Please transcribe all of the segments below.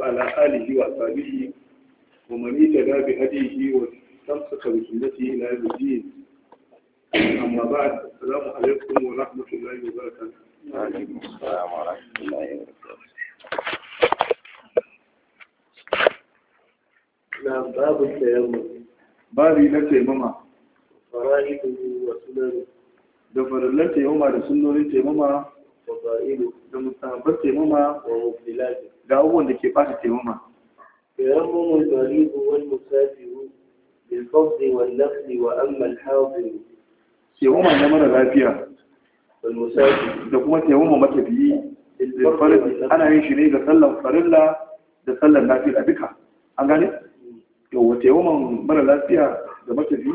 وعلى آله وأصحابه ومن اهتدى بهديه واستمسك بسنته إلى يوم الدين أما بعد السلام عليكم ورحمة الله وبركاته وعليكم السلام ورحمة الله وبركاته نعم باب التيمم بابي لا تيمم فرائده وسننه da farallar taimama da sunnonin taimama da mustahabbar taimama wa mubdilatin ga abubuwan da ke ɓata taimama يرمم المريض mm. mara lafiya. Da kuma الحاضر يوما نمر غافية والمسافر لكم ga متبيي بالفرد da sallar lafiya duka an gane yawon taimakon mara lafiya da matafi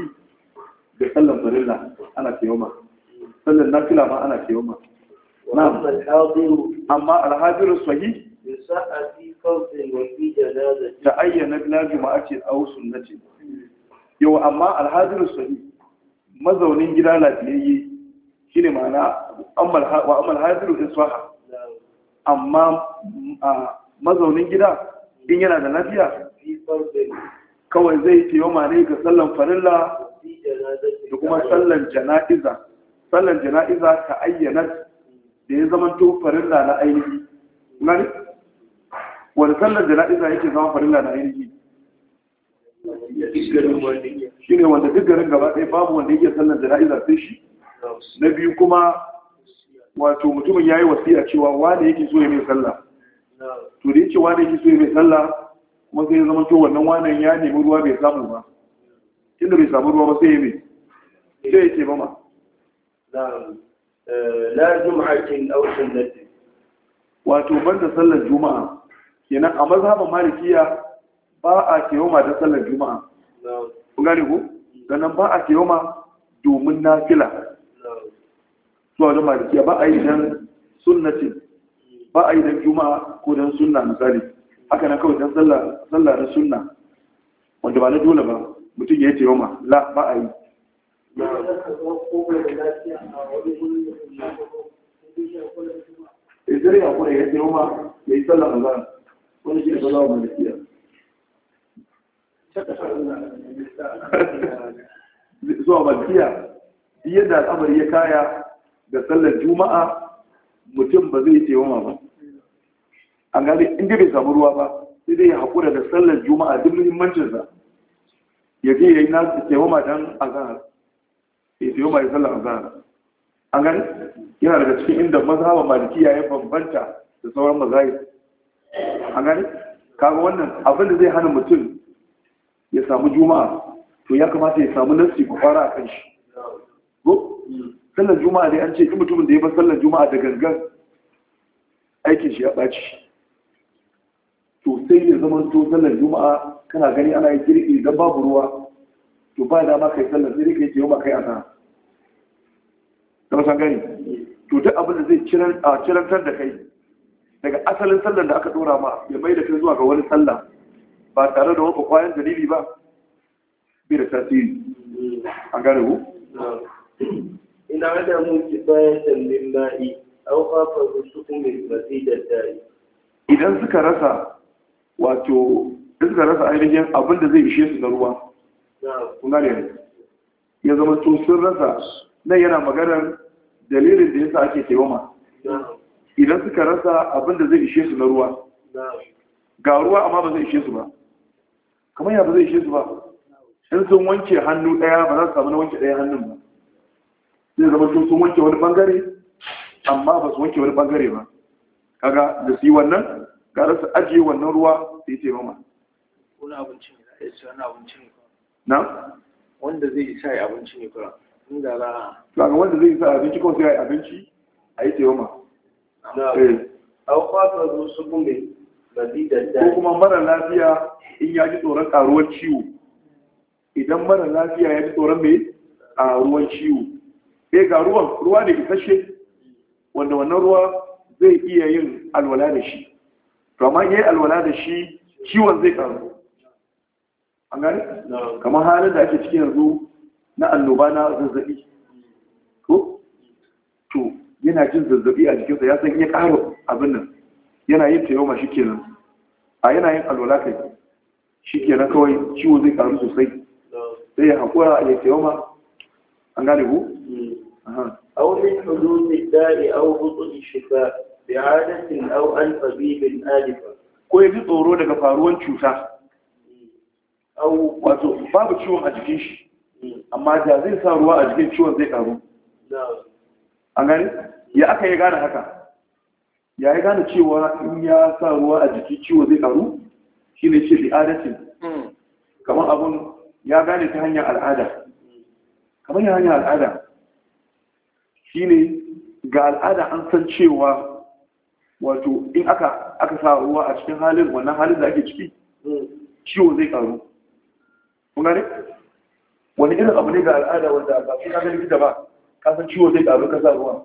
da sallar farilla ana taimaka mm. sallar lafiya ma ana taimaka amma alhajirar sahi sa'a ayyana fawzin wa fi janazatin ta ayyana la yau amma alhadir sahih mazaunin gida lafiyayye shine ma'ana wa amal hadiru ta saha amma mazaunin gida in yana da lafiya kawai zai taimama ne ga sallan farilla da kuma sallan jana'iza sallan jana'iza ta ayyana da ya zama to farilla na ainihi wani sallar jana'iza yake zama farilla na ainihi shi ne wanda duk garin gaba ɗaya babu wanda yake sallar jana'iza sai shi na biyu kuma wato mutumin ya yi a cewa wane yake so ya mai sallah to da yake wane yake so ya mai sallah kuma sai ya zama to wannan wanan ya nemi ruwa bai samu ba inda bai samu ruwa ba sai ya mai sai ya ce mama eh, la jum'atin aw sunnati wato banda sallar juma'a kenan a mazhaban malikiya ba a kewama da sallar juma'a kun gane ku nan ba a kewama domin nafila zuwa da malikiya ba a yi dan sunnatin ba a yi dan juma'a ko dan sunna misali haka nan kawai dan sallar sallah na sunna wanda ba na dole ba mutum ya yi kewama la ba a yi eh, Izirya kuma ya yi kewama ya yi sallar azan wani shi da zawo malikiya zuwa malikiya yadda al'amari ya kaya da sallar juma'a mutum ba zai taimama ba A gani inda bai samu ruwa ba sai dai ya haƙura da sallar juma'a duk muhimmancinsa ya je ya yi na tewama don azahar ya taimama ya sallar azahar A gani yana daga cikin inda mazhaban malikiya ya bambanta da sauran mazhabi A gani kaga wannan abin da zai hana mutum ya samu juma'a to ya kamata ya samu nassi ku fara a kan shi ko sallar juma'a dai an ce in mutumin da ya bar sallar juma'a da gangan aikin shi ya ɓaci to sai ya zama to sallar juma'a kana gani ana yi girki don babu ruwa to ba dama kai sallar sai kai ce yau ma kai ana ta wasan gani to duk abin da zai cirantar da kai daga asalin sallar da aka dora ma ya mai da kai zuwa ga wani sallah ba tare da wani kwayan dalili ba bi da tasiri a gane ku ina da mun ci bayan sallin na'i aw mai sukumi da da'i idan suka rasa wato idan suka rasa ainihin abin da zai ishe su na ruwa kun gane ya zama to sun rasa nan yana maganar dalilin da yasa ake tewama idan suka rasa abin da zai ishe su na ruwa ga ruwa amma ba zai ishe su ba kamar ya ba zai ishe su ba in sun wanke hannu ɗaya ba za su samu na wanke ɗaya hannun ba zai zama to sun wanke wani bangare amma ba su wanke wani bangare ba kaga da su yi wannan ga rasa ajiye wannan ruwa da ya taimama wani abinci ne a wani abinci ne na wanda zai isa ya abinci ne kura inda za a wanda zai isa abinci kawai sai ya yi abinci a yi taimama Eh. au fata zo su gume ko kuma mara lafiya in ya ji tsoron karuwar ciwo idan mara lafiya ya ji tsoron mai karuwar ciwo sai eh, ga ruwan ruwa da isasshe wanda wannan ruwa zai iya yin alwala da shi to amma yi alwala da shi ciwon zai karu an gani kamar halin da ake cikin yanzu na annoba na zazzabi ko to yana jin zazzabi a jikinsa ya san iya ƙara abin nan yana yin tayoma shi kenan a yana yin alwala kai shi kenan kawai ciwo zai ƙaru sosai sai ya haƙura a yin tayoma an gane ku? أو dare حدوث الداء أو بطء da Ya أو عن طبيب آلفة ko ya ji tsoro daga faruwan cuta hmm. wato babu ciwon a jikin shi hmm. amma da zai sa ruwa a jikin ciwon zai karu an gani ya aka yi gane haka ya yi gane cewa in ya sa ruwa a jiki ciwo zai karu shi ne ce bi'adatin hmm. kamar abun ya gane ta hanyar al'ada kamar ya hanyar al'ada shi ne ga al'ada an san cewa wato in aka aka sa ruwa a cikin halin wannan halin da ake ciki hmm. ciwo zai karu kuma ne wani irin abu ne ga al'ada wanda ba su ka ga likita ba ka san ciwo zai karu ka sa ruwa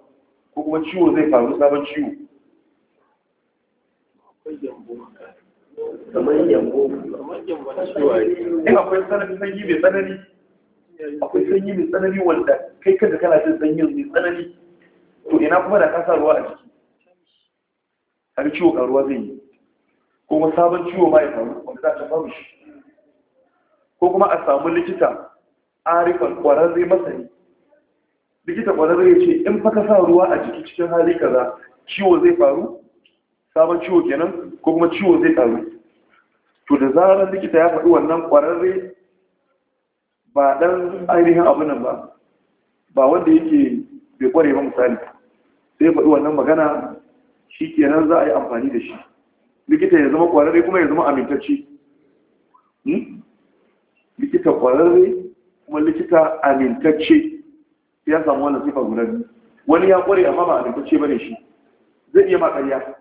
ko kuma ciwo zai faru sabon ciwo in akwai sanyi mai tsanani akwai sanyi mai tsanani wanda kai kanka kana jin sanyin mai tsanani to ina kuma da kasa ruwa a ciki har ciwo karuwa zai yi ko kuma sabon ciwo ma ya faru wanda za ta faru shi ko kuma a samu likita a rikon kwararre masani likita kwararre ya ce in fa ka sa ruwa a jiki cikin hali kaza ciwo zai faru sabon ciwo kenan ko kuma ciwo zai faru to da zarar likita ya faɗi wannan kwararre ba dan ainihin abu nan ba ba wanda yake bai kware ba misali sai faɗi wannan magana shi kenan za a yi amfani da shi likita ya zama kwararre kuma ya zama amintacci hmm? likita kwararre kuma likita amintacce ya samu wannan sifa guda biyu wani ya kware amma ba a amintacce bane shi zai iya ma ƙarya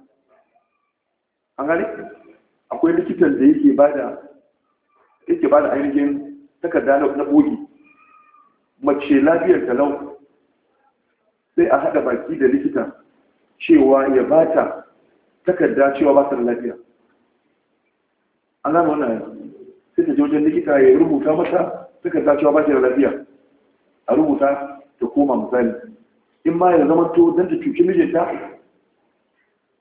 an gani akwai likitan da yake bada yake bada ainihin takarda na bogi mace lafiyar talau sai a haɗa baki da likita cewa ya ba ta takarda cewa ba ta da lafiya an gane wannan sai ta je wajen likita ya rubuta mata takarda cewa ba ta da lafiya a rubuta ta koma misali in ma ya zama to don ta cuci mijinta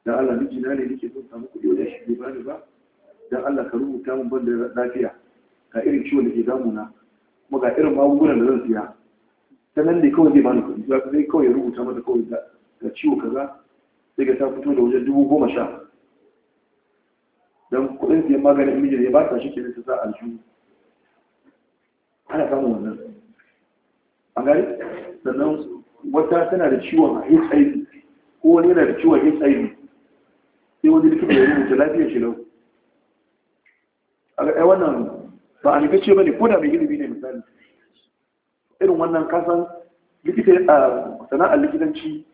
da Allah mijina ne nake son samu kuɗi wajen shi bai bani ba dan Allah ka rubuta min ban da lafiya ga irin ciwon da ke damuna kuma ga irin magungunan da zan siya ta nan ne kawai zai bani kuɗi za ka zai kawai ya rubuta mata kawai ga ciwo kaza sai ga ta fito da wajen dubu goma sha dan kuɗin siyan maganin mijin ya ba ta shi ke ta sa aljihu ana samun wannan an gari sannan wata tana da ciwon hiv ko wani yana da ciwon hiv sai wani likita ya rubuta lafiya shi lau a wannan ba a nufi ce ba ne ko da mai ilimi ne misali irin wannan kasan likita a sana'ar likitanci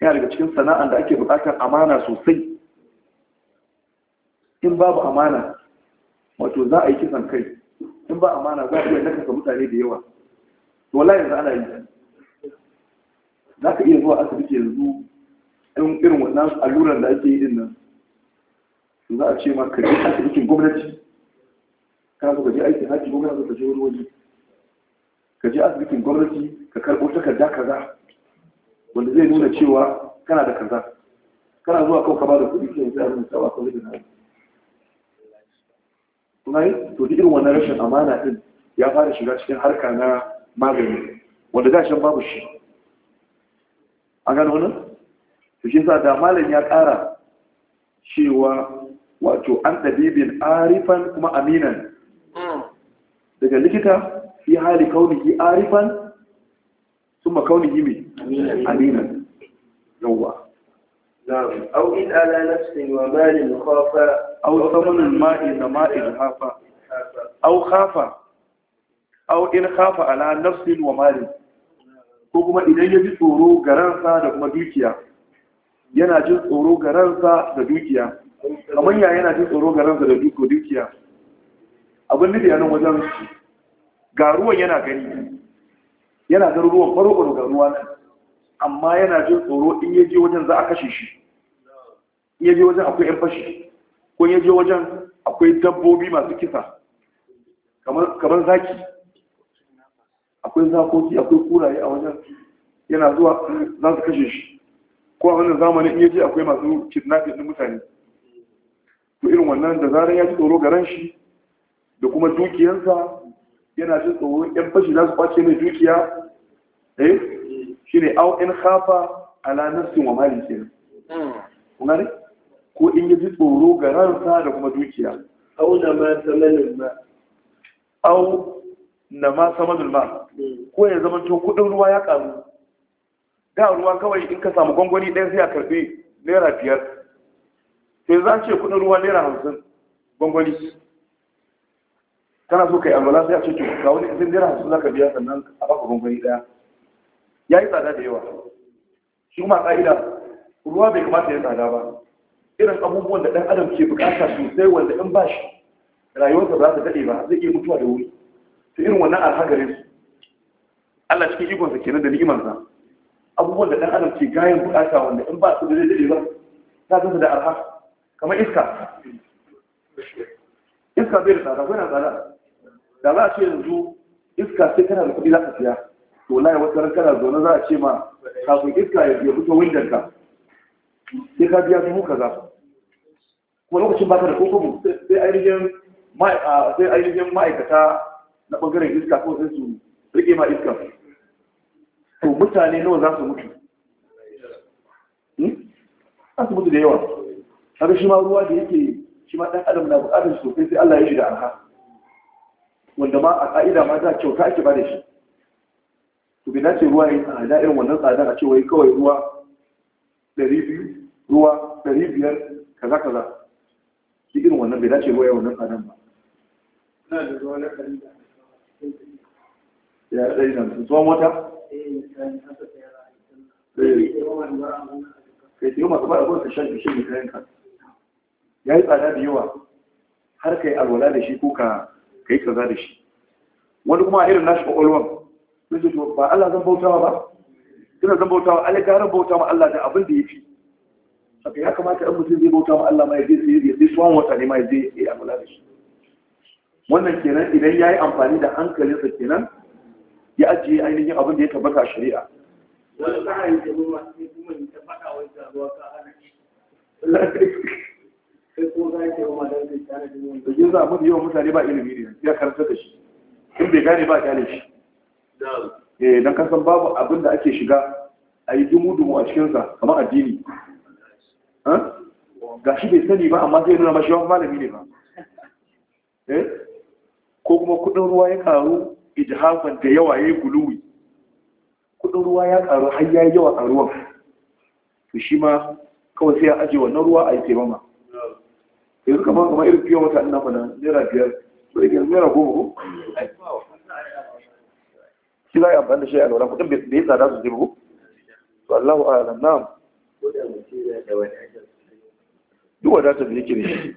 yana daga cikin sana'ar da ake bukatar amana sosai in babu amana wato za a yi kisan kai in ba amana za a iya nakasa mutane da yawa to wallahi yanzu ana yi za ka iya zuwa asibiti yanzu in irin wannan alluran da ake yi din nan za a ce ma ka je asibitin gwamnati kana so ka je aikin haji ko kana so ka je wani waje ka je asibitin gwamnati ka karɓo takarda kaza wanda zai nuna cewa kana da kaza kana zuwa kawai ka ba da kuɗi sai ya rubuta wa kawai da kuma yi to duk irin wannan rashin amana din ya fara shiga cikin harka na magani wanda da shan babu shi A gano nan to sa da malam ya ƙara cewa wato an ɗabibin arifan kuma aminan hmm. daga likita fi hali kaunihi arifan ثم كونه مين امينا يوا نعم او ان على نفس ومال خاف او ثمن الماء ماء الهافا او aw in khafa ala nafsin wa malin ko kuma idan ya ji tsoro ga ransa da kuma dukiya yana jin tsoro ga ransa da dukiya kamar ya yana jin tsoro ga ransa da dukiya abin da a nan wajen ga ruwan yana gani yana ga ruwan faruwar ga ruwa nan amma yana jin tsoro in ya je wajen za a kashe shi in ya je wajen akwai yan fashi ko in ya je wajen akwai dabbobi masu kisa kamar zaki akwai zakoki akwai kuraye a wajen yana zuwa za su kashe shi ko a wannan zamanin iya je akwai masu kidnapping din mutane to irin wannan da zarar ya ji tsoro garan shi da kuma dukiyarsa yana jin tsoro yan fashi za su kwace mai dukiya eh ne au in khafa ala nafsi wa mali kenan kun ne ko in ya ji tsoro garansa da kuma dukiya au da ma samanin ma au na ma sama zulma ko ya zama to kudin ruwa ya karu da ruwa kawai in ka samu gwangwani ɗaya sai a karɓi naira biyar sai za ce kudin ruwa naira hamsin gwangwani kana so ka yi alwala sai a ce to ga wani izin naira hamsin za ka biya sannan a baka gwangwani ɗaya ya yi tsada da yawa shi kuma ka'ida ruwa bai kamata ya tsada ba irin abubuwan da ɗan adam ke bukata sosai wanda in ba shi rayuwarsa ba za ta daɗe ba zai iya mutuwa da wuri su irin wannan alhagarin su Allah cikin ikonsa kenan da ni'imarsa abubuwan da ɗan adam ke gayan bukata wanda in ba su da zai daɗe ba ta zama da arha kamar iska iska bai da tsada ko yana tsada da za a ce yanzu iska sai kana da kuɗi za ka siya to laye wata ran kana zaune za a ce ma kafin iska ya fito windar ka sai ka biya dubu kaza kuma lokacin ba ka da kokobo sai ainihin ma'aikata na ɓangaren iska ko sai su rike ma iska to mutane nawa za su mutu hmm? za su mutu da yawa haka shi ma ruwa da yake shi ma ɗan adam na buƙatar shi sosai sai Allah ya da arha wanda ma a ƙa'ida ma za kyauta ake ba da shi to bai dace ruwa ya tsada irin wannan tsada a ce wai kawai ruwa ɗari biyu ruwa ɗari biyar kaza kaza shi irin wannan bai dace ruwa ya wannan tsadan ba. Ina da ruwa na ɗari da ya ɗari nan tsohon wata eh, kai ta yi masu ba da kuma kashen kashe mai kayan ka ya yi tsada da yawa har ka yi alwala da shi ko ka yi kaza da shi wani kuma a irin nashi ƙwaƙwalwan sun ce ba Allah zan bautawa ba suna zan bautawa Allah garin bauta ma Allah da abin da ya fi saka ya kamata ɗan mutum zai bauta ma Allah ma ya je sai ya je wata ne ma ya je ya yi alwala da shi wannan kenan idan ya yi amfani da hankalinsa kenan ya ajiye ainihin abin da ya tabbata a shari'a wani ka hanyar jama'a masu kuma in ta faɗa wai ga ruwa ka hana sai ko za ka yi wa madan kai tare da yawan da yin za mu mutane ba ilimi ne ya karanta da shi in bai gane ba gane shi eh kasan babu abin da ake shiga a yi dumu-dumu a cikinsa kamar addini ga shi bai sani ba amma zai nuna ba, shi wani malami ne ba eh? ko kuma kudin ruwa ya karu idhafan da yawa yayi guluwi kudin ruwa ya karu har yayi yawa a ruwan to shi ma kawai sai ya aje wannan ruwa a yi taimama yanzu kamar kamar irin fiye wata ina fana naira biyar to yake naira goma ko shi za a yi amfani da shi a lura kudin da ya tsada su taimako to allahu a'alam na'am duk wadatar da yake da shi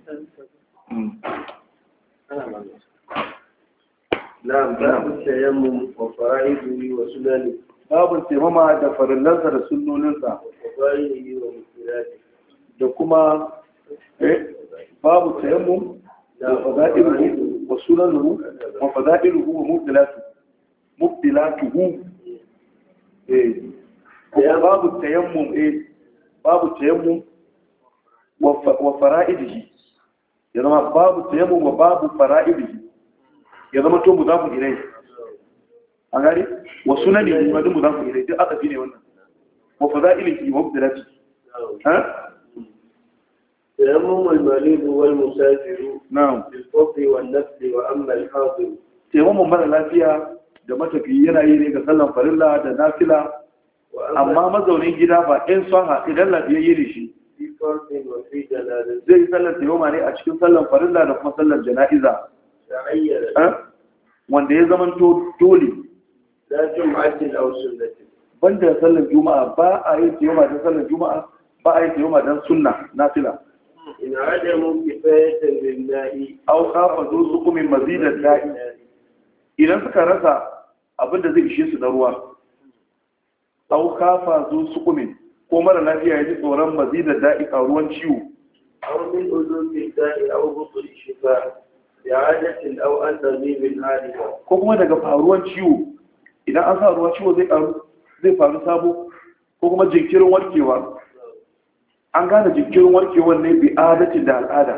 hmm. na'am babu wa babu da farillansa da sunnoninsa da kuma eh, babu tayammum da wa sunanuhu wa fada'iluhu wa mubdilatuhu eh. babu tayammum eh, babu wa fara'idihi yana babu tayammum wa babu fara'idihi ya zama to mudafun ilai a gari wa sunani ma duk mudafun ilai duk adabi ne wannan wa fadailihi wa mubdalati ha tayammum al-malid wal musafir na'am bil fadl wal nafl wa amma al mara lafiya da matafi yana ne ga sallan farilla da nafila amma mazaunin gida ba in son ha idan lafiyayye ne shi zai yi sallar tayammum ne a cikin sallan farilla da kuma sallar jana'iza wanda ya zama dole banda sallar juma'a ba a yin tiyoma don sallar juma'a ba a yi tiyoma don sunna na fila ina rada mu kifayatar lillahi au kafa zo su kuma mazidar da'i idan suka rasa abin da zai ishe su na ruwa au kafa zo su kuma ko mara lafiya ya ji tsoron mazidar da'i a ruwan ciwo au min uzo da'i au bukur bi'adatin aw an tabibin hadiya ko kuma daga faruwar ciwo idan an sa ruwa ciwo zai karu zai faru sabo ko kuma jinkirin warkewa an gane jinkirin warkewar ne bi'adatin da al'ada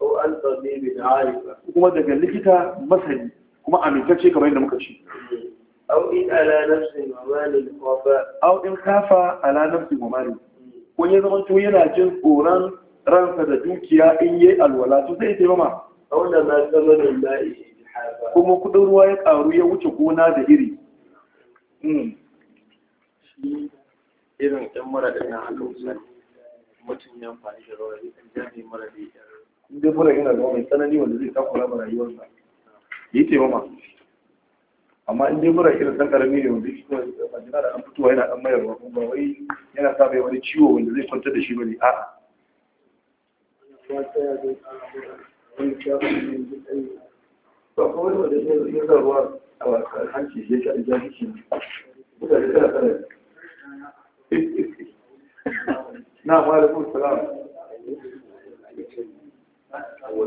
aw an tabibin hadiya kuma daga likita masani kuma amintacce kamar yadda muka ci aw in ala nafsin mamalin wafa kafa ala nafsin mamalin hmm. ko ya zama to yana jin tsoron ransa da dukiya in yi alwala to sai ya taimama kuma kudin ruwa ya karu ya wuce gona da iri hmm. irin yan mara na yan haka mutum ya amfani da rawar yakan jami mara da yan inda mura yana da mai tsanani wanda zai takura ma rayuwarsa yi taimama amma in dai mura irin dan ne wanda shi kuma jina da an fitowa yana dan mayarwa kuma ba wai yana sa bai wani ciwo wanda zai kwantar da shi bane a'a ba kuma wanda ya yi zarwa a kuma da da a ana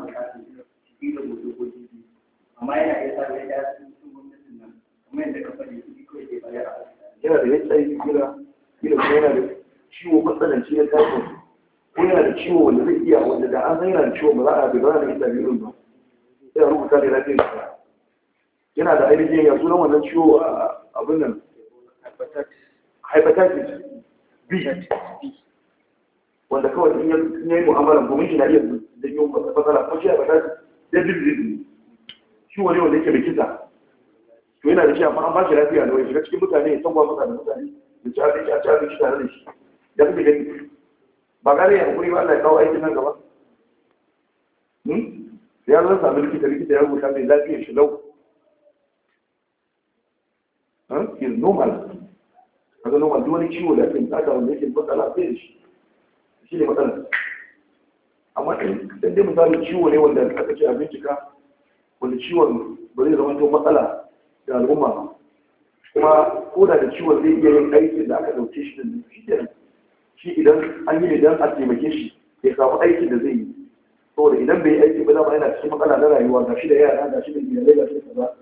bukatar cikin amma yana iya yadda ka faɗi a yana da yana da ciwo yana da ciwo wanda zai iya wanda da an da ciwo ba ba rubuta da yana da ainihin ya sunan wannan ciwo a abin nan hepatitis b wanda kawai in yi mu'amala domin na iya janyo matsala shi hepatitis da jirgin ciwo ne wanda yake da kisa to yana da shi amma an ba shi lafiya Wani shiga cikin mutane ya tagwa mutane mutane da ci abinci a ci abinci tare da shi da kuma gani ba gare ya hankuri ba Allah ya kawo aikin nan gaba hmm? ya zan sami likita likita ya rubuta mai lafiyar shi lau is normal a ga normal wani ciwo da kan tsaka wanda yake matsala sai shi shi ne matsala amma in dan dai misali ciwo ne wanda aka ce a bincika wanda ciwon ba zai zama to matsala da al'umma ba kuma ko da da ciwon zai iya yin aikin da aka dauke shi da nufi shi idan an yi idan a taimake shi ya samu aikin da zai yi saboda idan bai yi aiki ba zama yana cikin matsala na rayuwa ga shi da yara ga shi da iyalai ga shi da kaza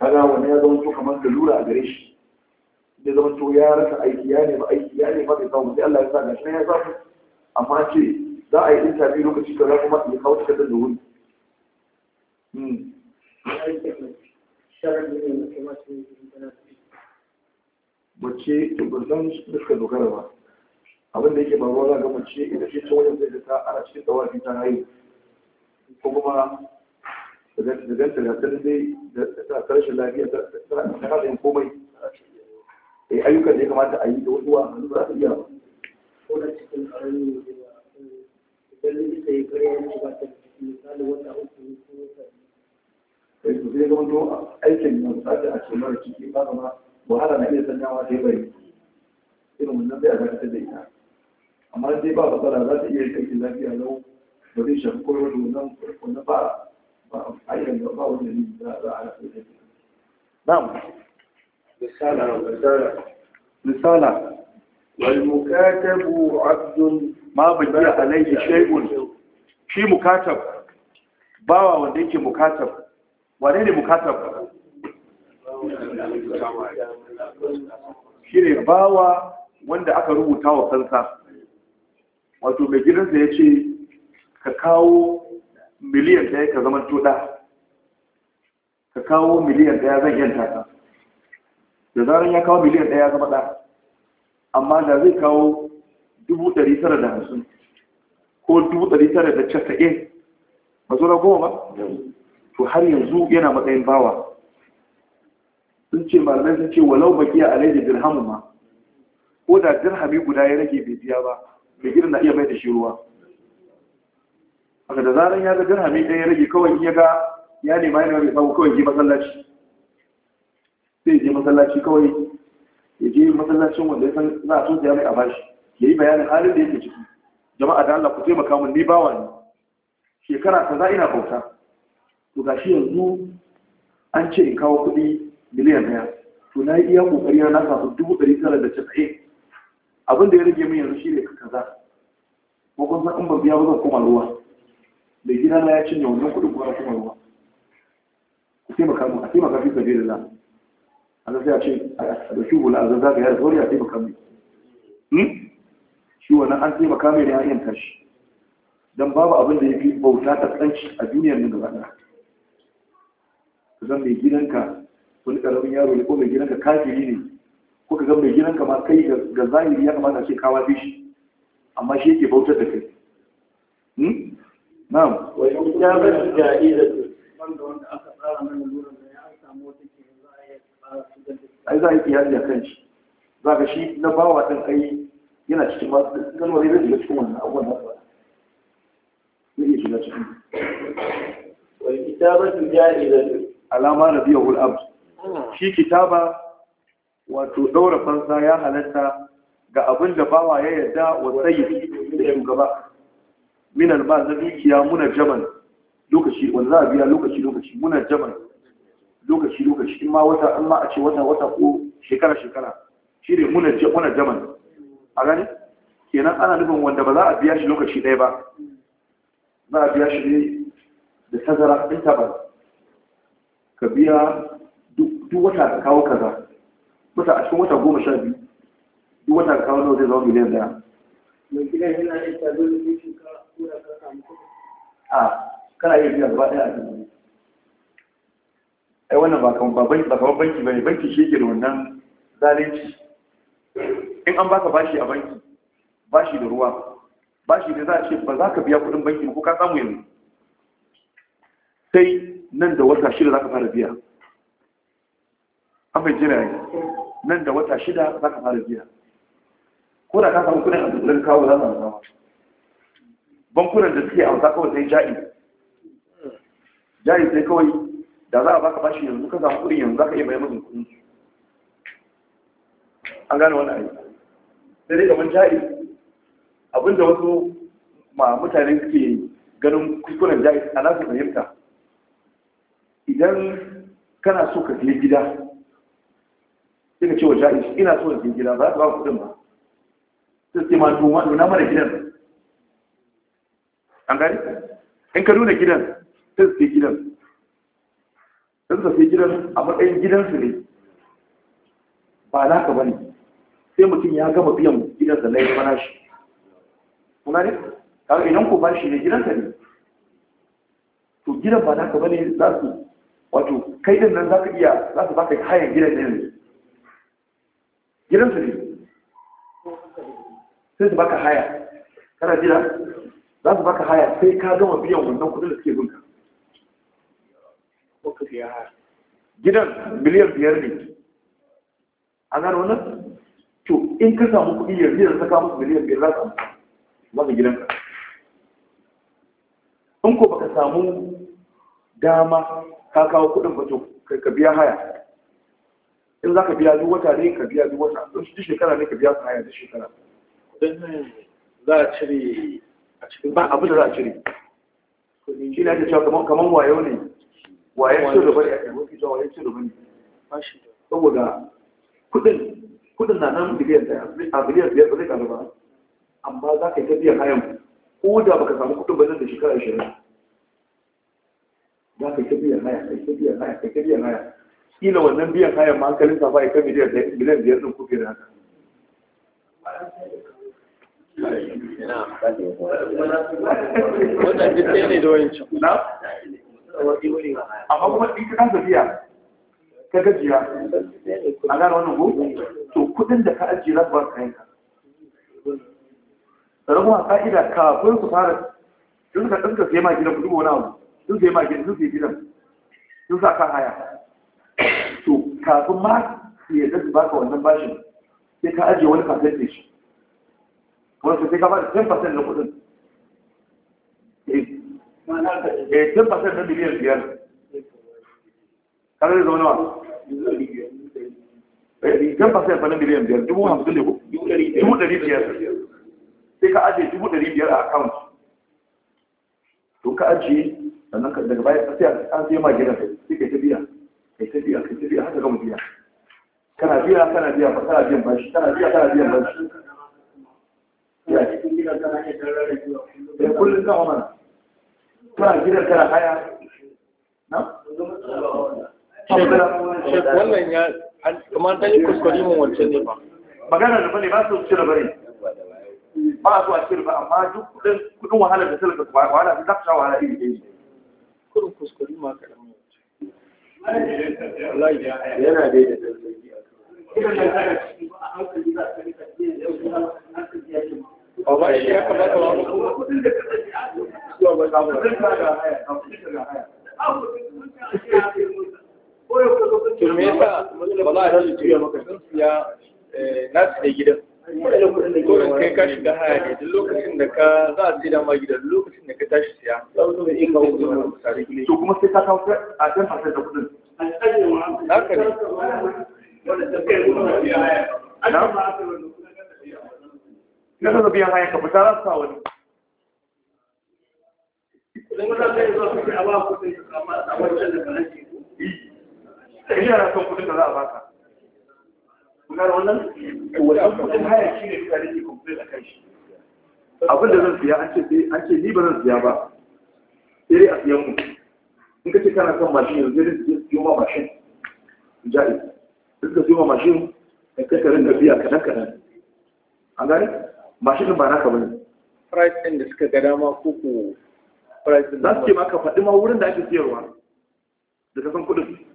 kaga wani ya zama to kamar da lura a gare shi ya zama to ya rasa aiki ya nema aiki ya nema bai samu sai Allah ya sa ga shi ya samu amma ce za a yi interview lokaci kaza kuma ya kawo takardar da wuri mace tubulan suka dogara ba abin da yake barwa za ga mace idan ce wajen zai ta ana cikin tsawafi ta hayi ko kuma daga ganta da da ta tarshe lafiya ta kada yin komai ai ayyukan da ya kamata a yi da wasu wa hannu za ta iya ba da wata uku zama to aikin da misali a ce mara ciki ba zama wahala na iya sanyawa ta yi bai irin wannan bai a dakatar da ita amma dai ba matsala za ta iya yin aikin lafiya lau ba zai shafi koyar da wannan wannan ba ba a yi da ba wanda ne za a haɗa da ita. Na'am. Misala, misala. Misala. والمكاتب عبد ما بقي عليه شيء شي مكاتب باوا wanda yake mukatab wane ne ba shi ne bawa wanda aka rubuta wa kansa wato mai gidansa ya ce ka kawo miliyan daya ka zama tuɗa ka kawo miliyan daya zan yanta ka da zarar ya kawo miliyan daya zama ɗa amma da zai kawo dubu tara da hamsin ko dubu tara da ba zo na goma ba to har yanzu yana matsayin bawa sun ce malamai sun ce walau a alaihi dirhamu ma ko da dirhami guda ya rage bai biya ba mai gidan na iya mai da shi ruwa haka da zaran ya ga dirhami ɗaya ya rage kawai iya ga ya nema yana mai samu kawai ji masallaci sai je masallaci kawai ya je masallacin wanda ya san za a so ya mai a bashi ya yi bayanin halin da yake ciki jama'a da Allah ku taimaka mun ni bawa ne shekara kaza ina bauta to ga shi yanzu an ce in kawo kuɗi miliyan ɗaya to na yi iya ƙoƙari na samu dubu ɗari tara da casa'in abin da ya rage min yanzu shi ne kaza ko kun san in ba biya ba zan koma ruwa da gida na ya cinye wannan kuɗin kuma na koma ruwa ku taimaka mu a taimaka fi sabi da za a zai a ce a shi wula a zaga zagaya da sauri a taimaka mu hmm? shi wannan an taimaka mai ne a yin shi don babu abin da ya fi bauta ta tsanci a duniyar nan gaba ɗaya zan mai gidanka wani karamin yaro ne ko mai gidanka kafiri ne ko ka ga mai gidanka ma kai ga zahiri ya kamata ce kawa fi shi amma shi yake bautar da kai hmm? na'am wa in ya bar jahilatu wanda wanda aka tsara mana lura da ya samu wata ke za a yi su da ai za a yi kiyasi a kan shi za ka shi na bawa ɗin ai yana cikin masu ganuwa zai da cikin wannan abubuwan nasu zai iya shiga cikin wani da jahilatu alama na biya hul'abd hmm. shi kitaba wato ɗaura fansa ya halatta ga abin da bawa ya yadda wa tsayi da shugaba minan ba na dukiya muna jaman lokaci wanda za a biya lokaci lokaci muna jaman lokaci lokaci in ma wata an ma a ce wata wata ko shekara shekara shi ne muna jaman a gani kenan ana nufin wanda ba za a biya shi lokaci ɗaya ba za a biya shi ne da tazara interval ka biya duk wata ka kawo kaza wata a cikin wata goma sha biyu duk wata ka kawo nawa zai zama miliyan daya mai gidan yana yin tazo da zai shi ka kura a kana iya biya gaba daya a cikin ai wannan ba kan baban ba kan banki bane banki shi yake da wannan zalunci in an baka bashi a banki bashi da ruwa bashi da za a ce ba za ka biya kuɗin banki ko ka samu yanzu sai nan da wata shida za ka fara biya an bai jira yi nan da wata shida za ka fara biya ko da ka samu kudin a dubulin kawo za ka zama bankunan da suke wata kawai sai ja'i ja'i sai kawai da za a baka bashi yanzu ka samu kudin yanzu za ka iya bayan mutum kudin an gane wani ayi sai dai kamar ja'i abinda wasu ma mutane suke ganin kuskuren ja'i a nasu fahimta idan kana so ka je gida sai ka ce wa ja'ish ina so ka je gida ba za ka ba kuɗin ba sai ce ma duma nuna mana gidan an gani in ka nuna gidan sai su gidan ka sai gidan a matsayin gidansu ne ba na ba ne sai mutum ya gama biyan gidan da laifin bana shi kuna ne ga idan ku ba shi ne ka ne to gidan ba na ba ne za su wato kai din nan za ka iya za su baka hayan gidan da yanzu gidan su ne sai su baka haya kana jira za su baka haya sai ka gama biyan wannan kudin da suke ka gidan miliyan biyar ne a gano nan to in ka samu kuɗi yanzu yanzu ka musu miliyan biyar za su ka gidan ka. in ko baka samu dama ka kawo kuɗin fito ka biya haya in za ka biya duk wata ne ka biya duk wata don shi shekara ne ka biya su haya da shekara kudin a cikin ba da za a cire shi ne ake cewa kamar kamar wayo ne wayan cin ruba ne ake mafi cewa wayan cin ruba ne saboda kudin kudin na nan biliyan daya a biliyan biyar ba zai karu ba amma za ka yi ta biyan hayan ko da baka samu kudin ba da shekara ashirin za ka ta biyan haya kai ta biyan haya kai ta biyan haya kila wannan biyan haya ma hankalin sa ba ya kai miliyan miliyan biyar din kuke da haka wannan duk ne da wayancin na amma kuma in ka kasa biya ka gajiya a gane wannan ko to kudin da ka ajiye za ku ba ka yanka sannan kuma ka'ida kafin ku fara in ka ɗanka sai ma gidan ku duba wani abu sun ma magin sun sai gidan duk sa ka haya to kafin ma su zai ba baka wannan bashin sai ka ajiye wani kafin da shi wani sai ka ba da 10% na kudin eh 10% eh, na miliyan biyar kare zama nawa rigar fasa yadda na miliyan biyar dubu hamsin ne dubu ɗari biyar sai ka ajiye dubu ɗari biyar a akawunt to ka ajiye sannan daga baya sai an sai ma gidan sai kai ta biya kai ta biya kai ta biya haka gama biya kana biya kana biya ba kana biyan bashi kana biya kana biyan bashi ya cikin gidan kana iya tarare da eh, kullum kana mana kana gidan kana haya na wannan ya kamar ta yi kuskure mun wancan ne ba magana da bane ba su cire bare ba su a cire ba amma duk kudin wahala da talaka wahala da zakka wahala iri ɗaya kurin kuskuri ma kaɗan yana dai da zazzagi a ba shi ya kamata ba kuɗin da a zuwa ba haya? turme yasa ba za a rarrace da sun eh, nasu da gidan Koren kai ka shiga haya ne duk lokacin da ka za a sai dama gidan lokacin da ka tashi siya. To kuma sai ka kawo a can fasar da kudin. Haka ne. Na zaka biyan haya ka fita za su sa wani. Eh, Ina na son kudin da za a baka. kuna da wannan wajen kudin haya shi ne suka rike kumfin a kan shi abin da zan siya an ce ni ba zan siya ba sai dai a siyan mu in ka ce kana son mashin yanzu dai su siyo ma mashin ja'i da suka siyo ma mashin da kai ka rinka biya kadan kadan an gane mashin ba naka bane price ɗin da suka ga dama ko ko price ɗin za su ce ma faɗi ma wurin da ake siyarwa da ka kuɗin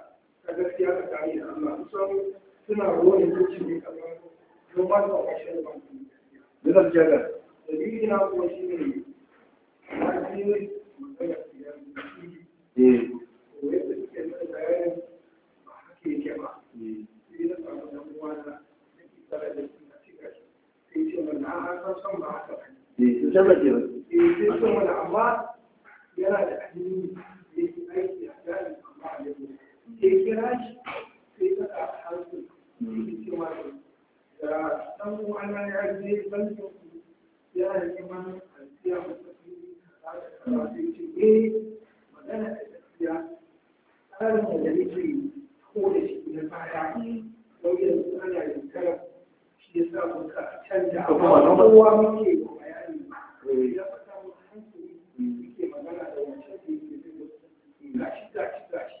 a gaskiya ta kare da Allah su samu suna ruwan zuci ne kamar don ba su ba da na kuma shi ne na magana yi eh. yadda suke nuna bayanin ba haka yake ba eh. na da ke tsara da na shi sai ce mana a san san ba haka ba ne eh, sai ce mana amma yana da ainihi da yake aiki a jami'a da ya kira shi sai ce da uwana ya je bankin ku ya ce eh, magana da gaskiya da nake ko da shi baya don yanzu ana shi ya sa muka canja a kowa muke bayani eh. ya fata mu muke magana da wancan da gashi gashi gashi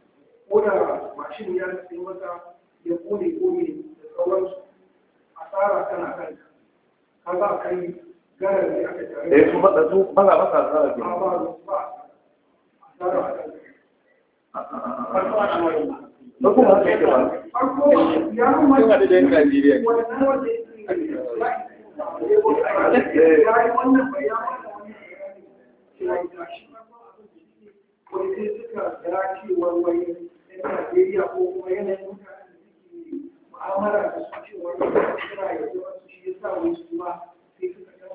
ko mashin ya sai masa ya kone kone da sauransu asara tana kanta ka kai gara ne aka tare da su maza su maza maza ba ba asara kanta ba kuma haka yake ba farko ya kuma da dan Najeriya wannan wanda yake ya yi wannan wani ya yi cikin ko kuma yanayin mutanen da suke mu'amala da cewa suna yadda wasu shi ya sa wai su ma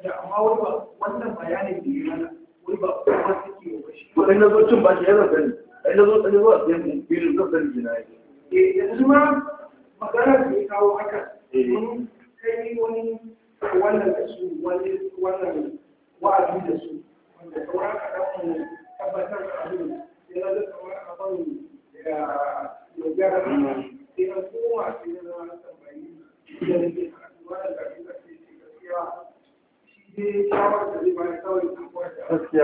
sai amma wannan bayanin da ya mana wai ba kuma suke ba shi. Ko na zo cin bashi yana sani, ai na zo tsani eh, yanzu ma kawo haka. Eh. Mun kai wani wannan da su wani wannan wa'azi da su wanda sauran kaɗan tabbatar da abin ya zama kamar abin gaskiya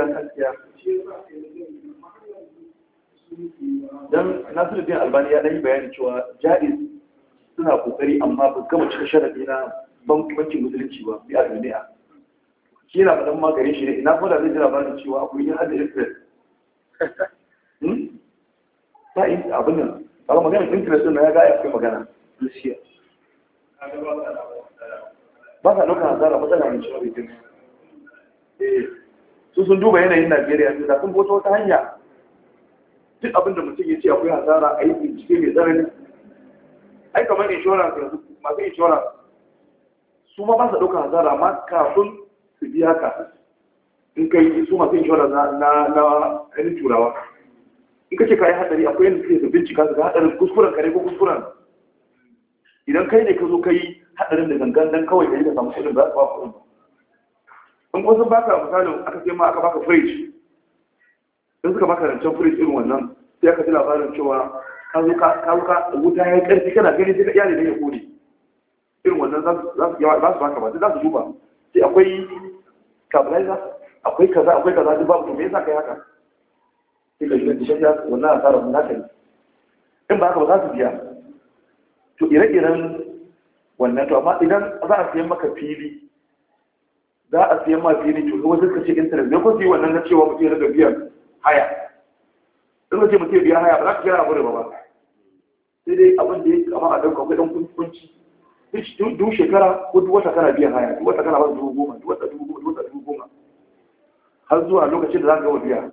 gaskiya don nasiruddin albani ya yi bayani cewa ja'iz suna kokari amma ba gama cikin sharafi na bankin musulunci ba biya a Duniya. shi na faɗin magarin shi ne ina kuma da zai jira bani cewa akwai yin hada israel ba in abin nan ba magana interest na ya ga ya fi magana gaskiya ba sa ɗaukar hasara matsala mai shi rikin su sun duba yanayin najeriya su da sun boto wata hanya duk abin da mutum ya ce akwai hasara a yi bincike mai tsanani ai kamar insurance yanzu masu insurance su ma ba sa ɗauka hasara ma kafin su biya ka in kai su masu insurance na na na turawa in kace kai hadari akwai yanda kake bincika su ga hadarin kuskuren kare ko kuskuren idan kai ne ka zo kai hadarin da gangan dan kawai kai ka samu kudin ba ka kudin in ko sun baka misalin aka ce ma aka baka fridge in suka baka rancen fridge irin wannan sai aka ji labarin cewa ka zo ka zo ka wuta ya karfi kana gani sai ka iyali ne ya kore irin wannan za su yawa za su baka ba sai za su duba sai akwai stabilizer akwai kaza akwai kaza duk babu me yasa kai haka sai ka shiga cikin ya wannan asara mun haka ne in ba haka ba za su biya to ire-iren wannan to amma idan za a siyan maka fili za a siyan ma fili to wasu ka ce intanet ne kun yi wannan na cewa mutum ya rage biyan haya in ka ce mutum ya biya haya ba za ka kira abu da ba sai dai abin da ya kama a ɗauka kuɗin kunci duk shekara ko duk wata kana biyan haya duk wata kana ba dubu goma duk wata dubu goma duk wata dubu goma har zuwa lokacin da za ka gama biya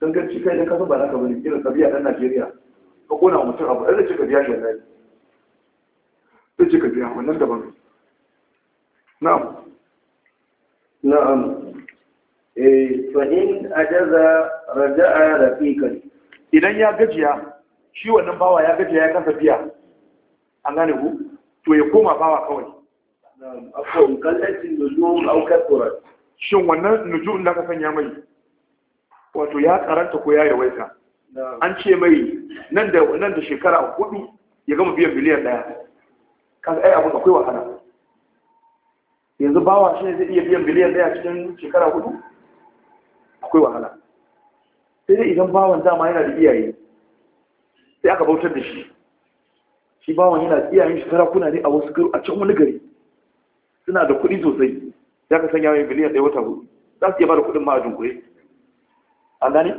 ganganci kai da kasa ba naka kamar irin tabiya ɗan Najeriya ka kona mutum abu ɗan da cika biya shan wallahi zai cika biya wannan daban na'am na'am eh fa in ajaza raja'a rafiqan idan ya gajiya shi wannan bawa ya gajiya ya kasa biya an gane ku to ya koma bawa kawai na'am afwan kallatin nujum aw kathurat shin wannan nujum da ka sanya mai wato ya karanta ko ya yawaita an ce mai nan da nan da shekara hudu ya gama biyan miliyan daya kaga ai abun akwai wahala yanzu bawa shi ne zai iya biyan miliyan daya cikin shekara hudu akwai wahala sai dai idan bawan dama yana da iyaye sai aka bautar da shi shi bawan yana da iyayen shi sarakuna ne a wasu garu a can wani gari suna da kuɗi sosai ya ka sanya mai miliyan ɗaya wata hudu za su iya ba da kuɗin ma a dunkule an gane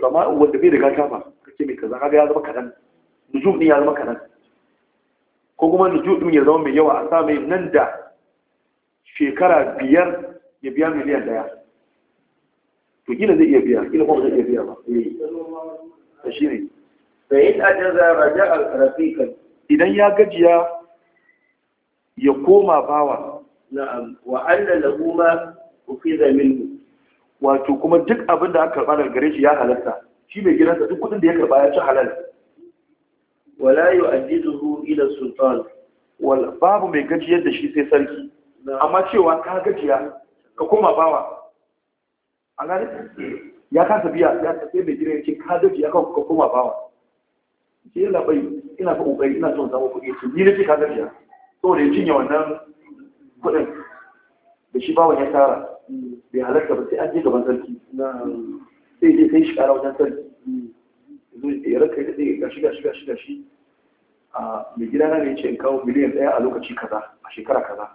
kama hmm. wanda bai da shafa ba kake mai kaza kaga ya zama kaɗan nujum ɗin ya zama kaɗan ko kuma nujum ɗin ya zama mai yawa a sa mai nan da shekara biyar ya biya miliyan ɗaya to gina zai iya biya gina kuma zai iya biya ba eh. ta shi ne da yin ajaza raja al-rafiqan idan ya gajiya ya koma bawa na'am wa alla ku ma ukhidha minhu wato kuma duk abin da aka karba daga gare shi ya halatta shi mai gidansa duk kudin da ya karba ya ci halal wala yu'addiduhu ila sultan wal babu mai gajiyar da shi sai sarki amma cewa ka gajiya ka koma bawa an gane ya kasa biya ya sai mai gidan ce ka gajiya ka koma bawa sai ya labai ina fa kokari ina son samu kuɗi ce ni nake ka gajiya saboda ya cinye wannan kuɗin da shi bawan ya tara bai halarta ba sai an je gaban sarki sai je kai shi kara wajen sarki zo ya raka ya daɗe gashi gashi gashi gashi a mai gida na ne ce in kawo miliyan ɗaya a lokaci kaza a shekara kaza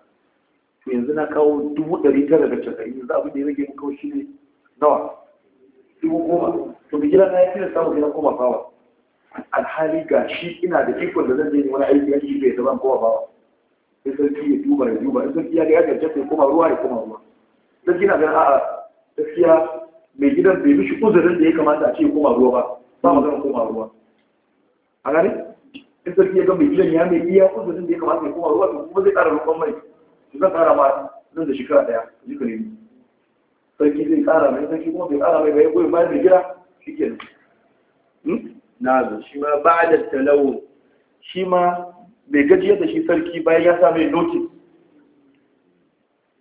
to yanzu na kawo dubu ɗari tara da casa'in yanzu abin da ya rage mu kawai shi ne nawa dubu goma to mai gida na ya fiye samun gida koma fawa alhali ga shi ina da ikon da zan je wani aiki ya shi bai zama koma fawa sai sarki ya duba ya duba in sarki ya ga ya gaje sai koma ruwa ya koma ruwa gaskiya na ganin a'a gaskiya mai gidan bai bishi uzurin da ya kamata a ce koma ruwa ba ba maganar koma ruwa a gani in sarki ya ga mai gidan ya mai iya uzurin da ya kamata ya koma ruwa to kuma zai ƙara rukon mai zan ƙara ma nan da shekara ɗaya jika ne sarki zai ƙara mai sarki kuma bai ƙara mai ba ya goyi bayan mai gida shi ke hmm? na zo shi ma ba da talawo shi ma bai gajiyar da shi sarki bayan ya sa mai notice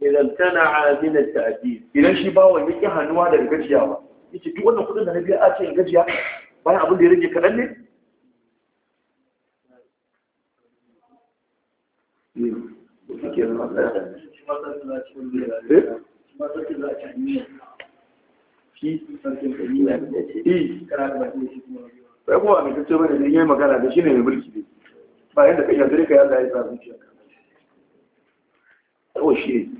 idan tana amina ta'dil idan shi ya yake hannuwa da gajiya ba yace duk wannan kudin da na biya a ce gajiya bayan abin da ya rage kaɗan ne eh? Eh? ba mai bane magana da shi ne mai mulki ne ba yadda yanzu ne ka yi sa zuciya shi ne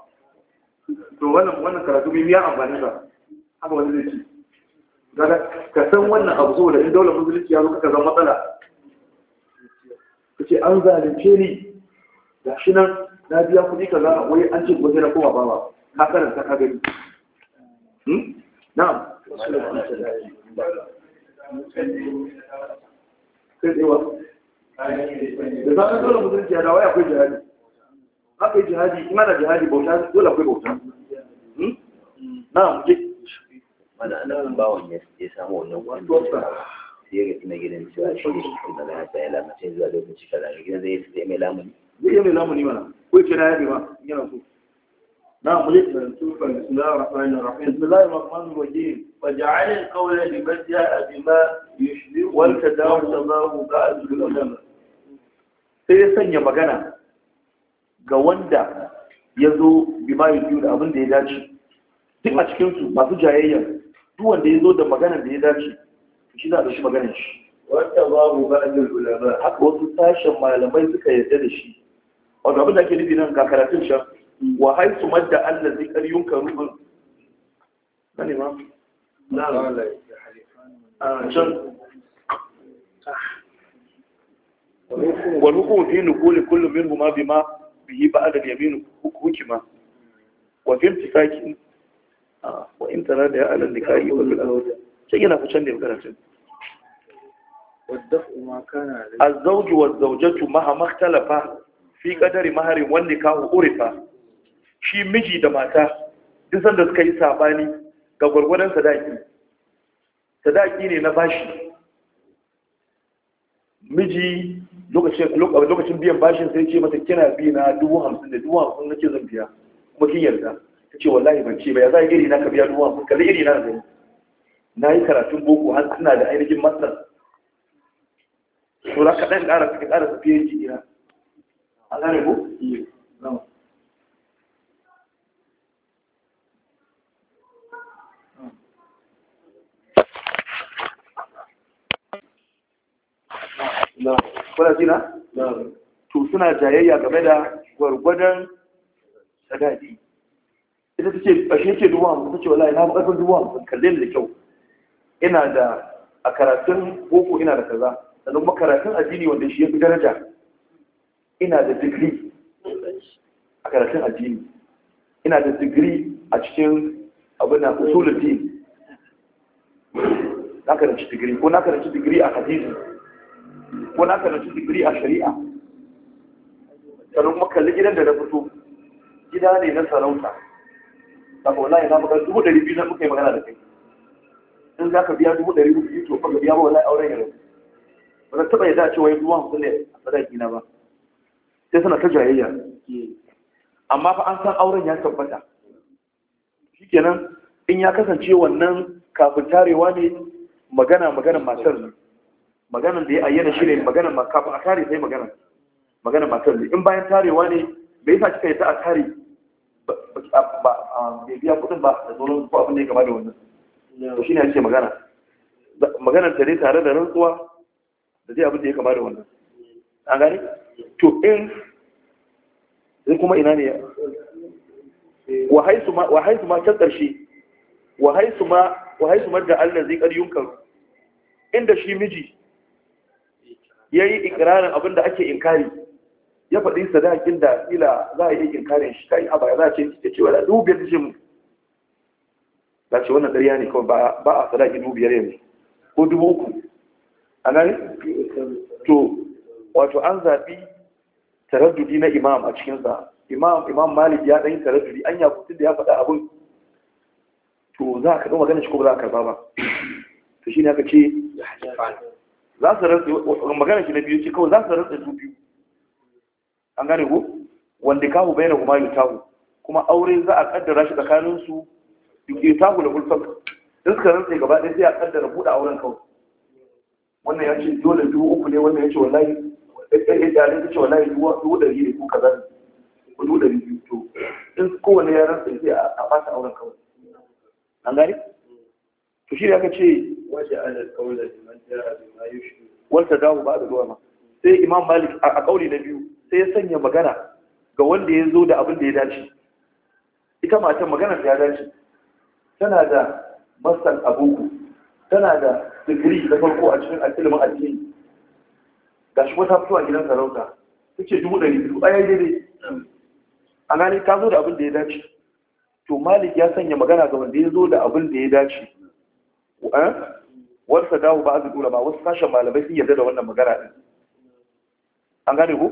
to wannan wannan karatu mai biya amfani ba haka wani zai ci daga ka san wannan abu saboda in daular musulunci ya zo ka zan matsala ka ce an zalunce ni ga shi nan na biya kuɗi ka zama wai an ce gobe na kowa ba ba ka karanta ka gani hmm? na'am kai tsewa da zanen daular musulunci ya dawo kai akwai jihadi haka yi jihadi in ana jihadi bauta dole akwai bauta hmm? na je mana ana bawan ya samu wannan kwanci sai ya na gidan cewa shi ne shi da ya tsaye zuwa lokaci kaza gidan zai yi mai lamuni zai yi mai lamuni mana ko ce na yabe ma yana so نعم بسم الله الرحمن الرحيم بسم الله الرحمن الرحيم وجعل القول لمن wanda بما يشبه والتداول تمام a العلماء sai ya sanya magana ga wanda ya zo ma yi da abin da ya dace duk a cikinsu masu jayayya duk wanda ya zo da magana da ya dace shi za a ɗauki maganar shi wanda babu ba'adul ulama haka wasu sashen malamai suka yarda da shi wato abin da ake nufi nan ga karatun shan wa haisu madda Allah zai karyun ka rubin ne ma a can wani hukumu fi nukuli kullum min huma bima bihi ba adal yaminu hukuma wa fi intifaki wa intara da ya'ala nikahi wa al-awda sai yana fushan da magana tun wadda'u ma kana az-zawj wa az-zawjatu ma ha makhtalafa fi qadari mahari wa nikahu urifa shi miji da mata duk da suka yi sabani ga gurgurdan sadaki sadaki ne na bashi miji lokacin biyan bashin sai ce mata kina bi na dubu hamsin da dubu hamsin na ce zan biya kuma kin yarda ta ce wallahi ban ce ba ya za iri na ka biya dubu hamsin kalli iri na zai na yi karatun boko har suna da ainihin masar Sura kaɗan ƙara ɗan ƙara su tafiye ji ina a gane ko? kuna jina to suna jayayya game da gwargwadon sadaki ita ta ce ashe yake dubu hamsin ta ce wallahi Ina bukatar dubu hamsin kalle da kyau ina da a karatun boko ina da kaza sannan makaratun addini wanda shi ya fi daraja ina da digiri a karatun addini ina da digiri a cikin abin na usulun din na karanci digiri ko na karanci digiri a hadisi ko na karanci digiri a shari'a sannan makalli gidan da na fito gida ne na sarauta saka wallahi na maka dubu ɗari biyu na muka yi magana da kai in za ka biya dubu ɗari biyu to ka biya ba wallahi auren yanzu ba na taɓa yadda cewa yanzu wani ne a sadaki na ba sai suna ta jayayya amma fa an san auren ya tabbata shikenan in ya kasance wannan kafin tarewa ne magana magana matar ne maganan da ya ayyana shi ne maganan ma kafin a tare sai magana, maganan ma tare in bayan tarewa ne bai sa kika yi ta a tare ba bai biya kuɗin ba da sauran ko abin da ya gaba da wannan to shine ake magana maganar ta ne tare da rantsuwa da zai abin da ya gaba da wannan an gani to in in kuma ina ne wa haisu ma ta ƙarshe wa haisu ma da allah zai ƙar yunkar inda shi miji ya yi ikirarin abin da ake inkari ya faɗi sadakin da ila za a yi inkarin shi kai abaya za a ce ya ce da dubiyar jin za ce wannan ɗarya ne kawai ba a sadaki dubiyar yanzu ko dubu uku a nan to wato an zaɓi taraddudi na imam a cikinsa imam imam malik ya ɗan yi taraddudi an yakutun da ya faɗa abin to za ka karɓi magana shi ko ba za a karɓa ba to shi ne aka ce za su rantsa magana shi na biyu ce kawai za su rantsa su biyu an gane ku. wanda kahu bai kuma yi tahu kuma aure za a kaddara shi tsakanin su yi tahu da hulfak da suka rantsa gaba ɗaya sai a kaddara buɗe auren kawai wannan ya ce dole biyu uku ne wannan ya ce wallahi ɗaya ɗaya ta ce wallahi dubu ɗari ne ko kaza ne ko ɗari biyu to in kowane ya rantsa sai a fata auren kawai an gane to shi da aka ce waje alal kaula liman jaa bima yushri wanda dawo ba da ruwa ma sai imam malik a kauli na biyu sai ya sanya magana ga wanda ya zo da abin da ya dace ita matan magana ya dace tana da masal abuku tana da digiri na farko a cikin ilimin addini ga shi wata fito a gidan sarauta ta ce dubu ɗari biyu ai daidai a gane ka zo da abin da ya dace to malik ya sanya magana ga wanda ya zo da abin da ya dace Eh? wasa dawo ba azul ulama wasu sashen malamai sun yarda da wannan magana din an gane ku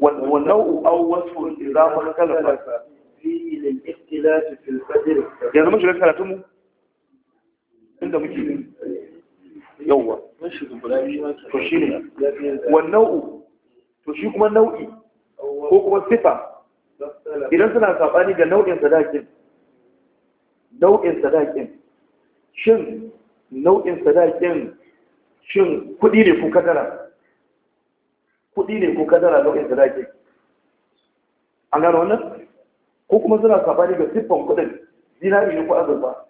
wannan nau'u aw wasu izamu kalafa yanzu mun shiga karatu mu inda muke yawwa to shi ne wannan nau'u to shi kuma nau'i ko kuma sifa idan suna saɓani da nau'in sadakin nau'in sadakin shin nau'in sadakin shin kuɗi ne ko kadara kuɗi ne ko kadara nau'in sadakin an gano wannan ko kuma suna safari ga siffan kuɗin zinari ne ko azurfa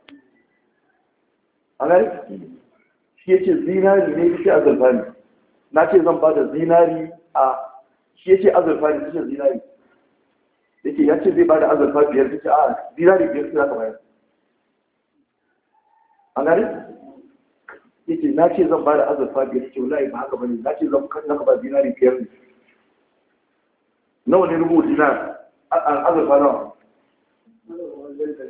an gani shi ya ce zinari ne shi azurfa ne na ce zan ba da zinari a shi ya ce azurfa ne shi zinari yake ya ce zai ba da azurfa biyar ta ce a zinari biyar suna za ka bayar an gani yace na ce zan ba da azurfa biyar ce wallahi ba haka bane na ce zan kan naka ba dinari biyar ne nawa ne rubu dinar azurfa nawa eh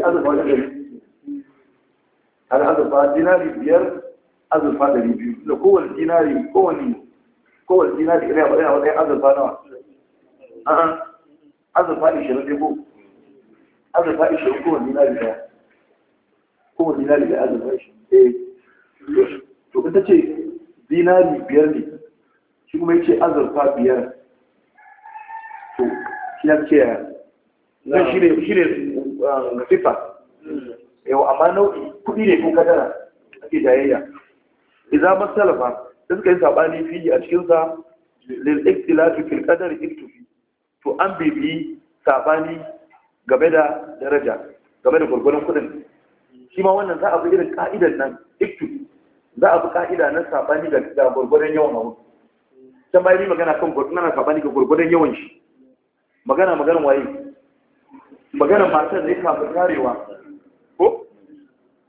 azurfa wajen da har azurfa dinari biyar azurfa dari biyu da kowane dinari kowane kowane dinari ɗaya ba ɗaya azurfa nawa a'a azurfa ishirin ne ko azurfa ishe kowane lari daya kowane dinari da azurfa ishe eh. to ta ce dinari biyar ne shi kuma yace azurfa biyar to shi ya ce ya shi ne shi ne um, sifa hmm. yau amma nau'i kuɗi ne ko kadara ake jayayya idza masalafa da suka yi sabani fi a cikin sa lil ikhtilafi fil qadari iktufi to an bibi saɓani. game da daraja game da gurgurun kudin shi ma wannan za a bi irin ka'idar nan iktu za a bi ka'ida na sabani ga gurgurun yawan hawa can bayan magana kan gurgurun na sabani ga gurgurun yawan shi magana magana waye magana matar ne kafin tarewa ko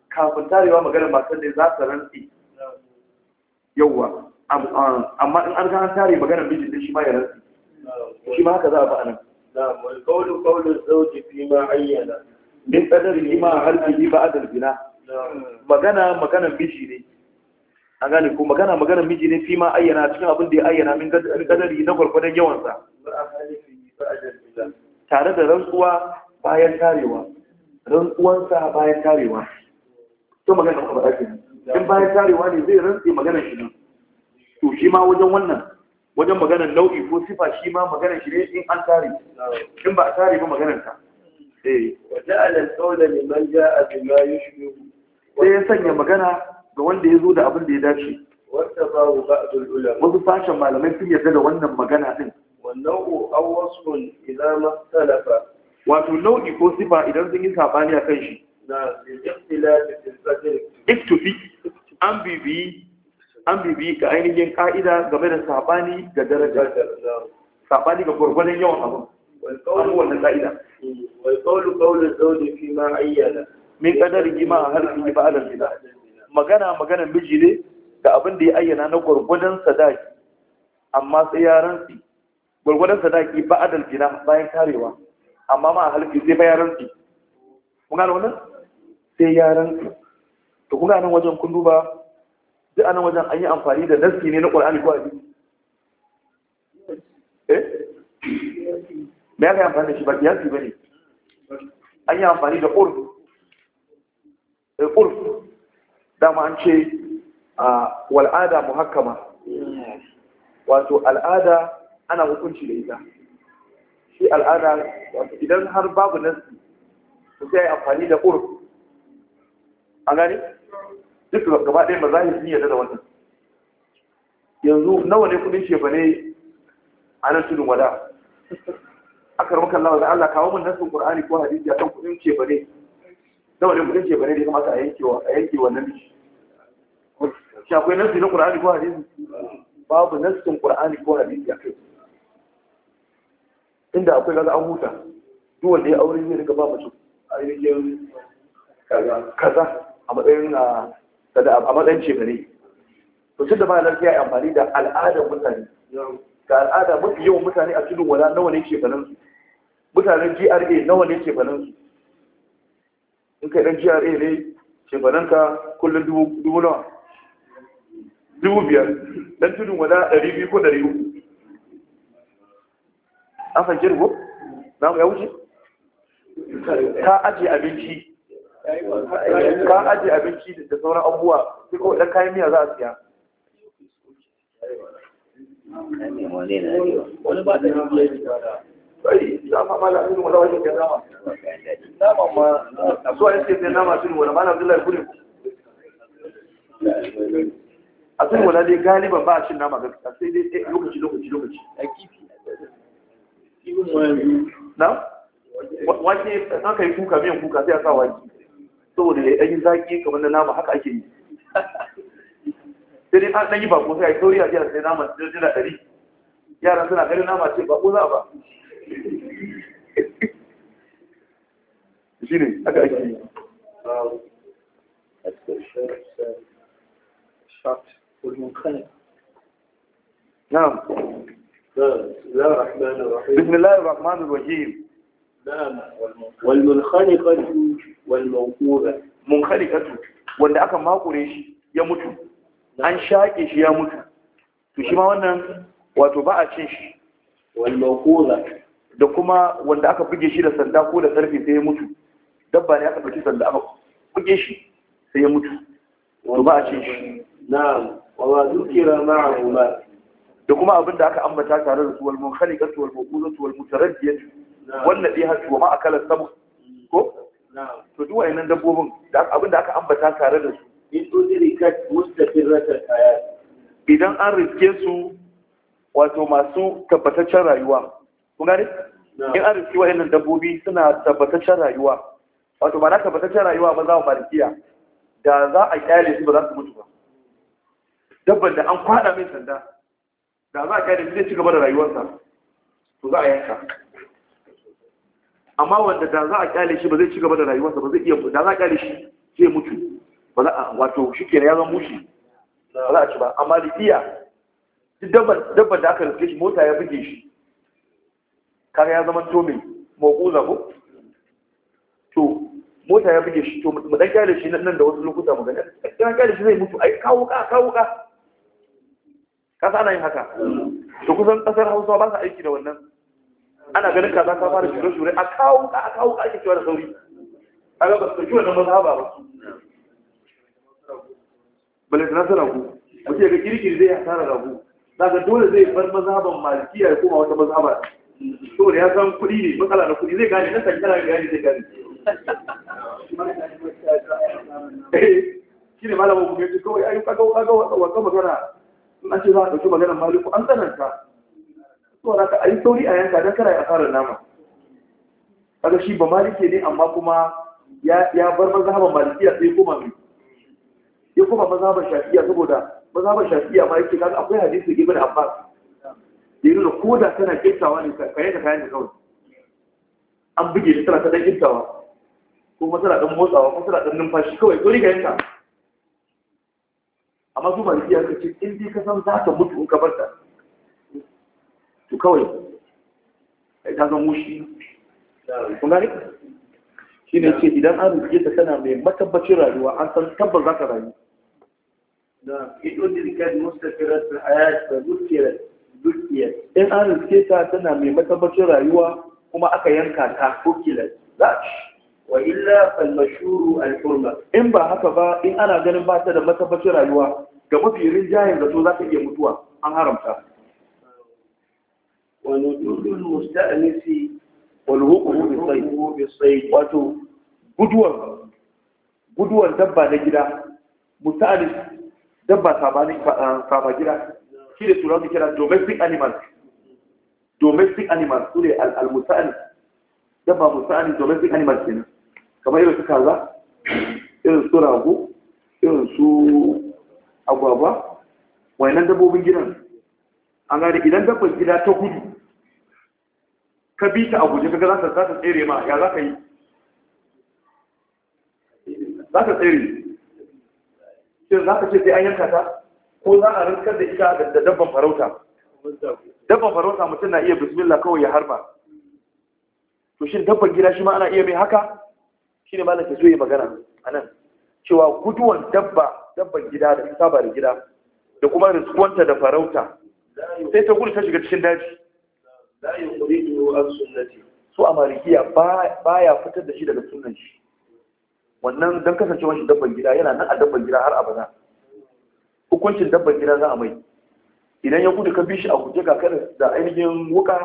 kafin tarewa magana matar ne za ta rantsi yawa amma in an ga an tare magana mijin ne shi ma ya rantsi shi ma haka za a ba a nan نعم والقول قول الزوج فيما عين من قدر ما هل بعد الزنا magana magana miji ne a ko magana magana miji ne fi ma ayyana cikin abin da ya ayyana min gadari na gwargwadon yawansa tare da rantsuwa bayan tarewa sa bayan tarewa to magana kuma ake in bayan tarewa ne zai rantse magana shi nan. to shi ma wajen wannan wajen maganar nau'i ko sifa shi ma maganar shi ne in an tare in ba a tare ba maganar ta eh. sai ya sanya magana ga wanda ya zo da abin da ya dace wasu sashen malamai sun yarda da wannan magana din wato nau'i ko sifa idan sun yi a kan shi na ikhtilafi an bibiyi an bibi ga ainihin ka'ida game da sabani ga daraja sabani ga gwargwadon yawan abu abu wannan ka'ida wal qawlu qawlu zawji fi ma ayyana min qadari ma harfi ba alal bila magana magana miji ne da abin da ya ayyana na gwargwadon sadaki amma sai ya rantsi gwargwadon sadaki ba adal bila bayan karewa amma ma a halki sai bayan rantsi kun da wannan sai ya rantsi to kuna nan wajen kun duba duk anan wajen an yi amfani da naski ne na ƙwararri ko hadisi eh me aka yi amfani da shi ba kiyasi bane an yi amfani da ƙurf eh, dama an ce a wal'ada muhakkama wato al'ada ana hukunci da ita shi al'ada wato idan har babu nassi sai amfani da ƙurf an gani duk gaba ɗaya ba za a yi niyyar da wannan yanzu nawa ne kudin shefa ne a nan tudun wada aka ramuka Allah da Allah kawo mun nasu ƙur'ani ko hadisi kan kudin shefa ne nawa ne kudin shefa ne da ya kamata a yanke wa a yanke wannan mishi shi akwai nasin na ƙur'ani ko hadisi babu nasin ƙur'ani ko hadisi kai inda akwai gaza an huta duk wanda ya aure zai riga ba mace ainihin kaza a matsayin ah, kada a matsayin shekare to tun da ba lafiya ya amfani da al'adar mutane ga al'ada mafi yawan mutane a cikin wala nawa ne shekarun su mutanen GRA nawa ne shekarun su in kai dan GRA ne shekarun ka kullum dubu nawa dubu biyar dan tudun wala ɗari biyu ko ɗari uku an fahimci rubu na ya wuce ka ajiye abinci ka aje abinci da sauran abuwa sai kawai da kayan miya za a siya a sun wani a dai ba a cin nama gaskiya sai dai eh, lokaci lokaci lokaci na kai kuka miyan kuka sai a sa wake saboda ya ɗanyi zaƙi kamar na nama haka ake yi sai dai an ɗanyi bako sai a yi sauri a jiyar sai nama jira ɗari yaran suna ganin nama ce bako za ba shi ne haka ake yi نعم بسم الله الرحمن الرحيم wal munkhaliqatu munkhaliqatu wanda aka makure shi ya mutu an shaƙe shi ya mutu to shi ma wannan wato ba a cin shi wal da kuma wanda aka buge shi da sanda ko da sarfi sai ya mutu dabba ne aka buge sanda aka buge shi sai ya mutu to ba a cin shi na'am wa zukira ma'ahu ma da kuma abin da aka ambata tare da su wal munkhaliqatu wal wannan dai hasu ma kalar sabu ko to duk wayannan dabbobin abin da aka ambata tare da su in uzuri kat mustaqirratan hayat idan an rike su wato masu tabbataccen rayuwa kun gane in an rike wayannan dabbobi suna tabbataccen rayuwa wato ba na tabbataccen rayuwa ba za mu malikiya da za a kyale su ba za su mutu ba dabban da an kwada mai sanda da za a kyale su zai ci gaba da rayuwarsa to za a yanka amma wanda da za a kyale shi ba zai ci gaba da rayuwarsa ba zai iya da za a kyale shi zai mutu ba za a wato shi ke ya zama mushi ba za a ci ba amma libiya duk dabban da aka rufe shi mota ya buge shi kaga ya zama to mai mawuza ko to mota ya buge shi to mu dan kyale shi nan da wasu lokuta mu gani dan kyale shi zai mutu ai kawo ka kawo ka kasa ana yin haka to kusan kasar Hausa ba sa aiki da wannan ana ganin kaza ta fara shure-shure a kawo ka a kawo ka ake cewa da sauri a ga ba su ɗauki wannan mazhaba ba balai na sa ragu ce ga kirkiri zai hasara ragu za ka dole zai bar mazhaban malikiya ya koma wata mazhaba saboda ya san kuɗi ne matsala na kuɗi zai gane na san kana gane zai gane eh, shi ne malamin kuma ya ce kawai ayyuka ga wata magana in an ce za a ɗauki maganar maliku an tsananta so na ka ayi sauri a yanka don kana a fara nama kaga shi ba malike ne amma kuma ya bar mazhaban malikiya sai koma mai ya koma mazhaban shafiya saboda mazhaban shafiya ma yake kaga akwai hadisi ibn abbas ya nuna ko da tana kintawa ne ka yanka kayan da kawai an buge ta tana ta dan kintawa ko kuma dan motsawa ko tana dan numfashi kawai ko riga yanka amma su malikiya suka ce in dai ka san za ta mutu in ka bar ta to kawai kai ka zama shi kun gani shi ne ce idan an rubuce ta tana mai matabbacin rayuwa an san tabbas za ka rayu in an rubuce ta tana mai matabbacin rayuwa kuma aka yanka ta kokilar za a ci wa illa falmashuru al-hurma in ba haka ba in ana ganin ba ta da matabbacin rayuwa ga mafi rinjayen zato za ta iya mutuwa an haramta ونجود المستأنس والهقه بالصيد واتو guduwar guduwar dabba na gida mutane dabba saba gida shi turanci kira domestic animals domestic animals su ne al dabba mutane domestic animals ne kamar irin su kaza irin su rago irin su agwagwa wayannan dabbobin gidan an gane idan dabbar gida ta gudu ka bi ta a ka za ta za tsere ma ya za ka yi za ka tsere shin za ka ce sai an yanka ta ko za a rinkar da ita da dabban farauta dabban farauta mutum na iya bismillah kawai ya harba to shin dabban gida shi ma ana iya mai haka shi ne malaka ke yi magana a nan cewa guduwan dabba dabban gida da saba da gida da kuma riskuwanta da farauta sai ta gudu ta shiga cikin daji yukhrijuhu an sunnati su a malikiya baya fitar da shi daga sunan shi wannan don kasance shi dabban gida yana nan a dabban gida har abada hukuncin dabban gida za a mai idan ya gudu ka bi shi a kuje ka kada da ainihin wuka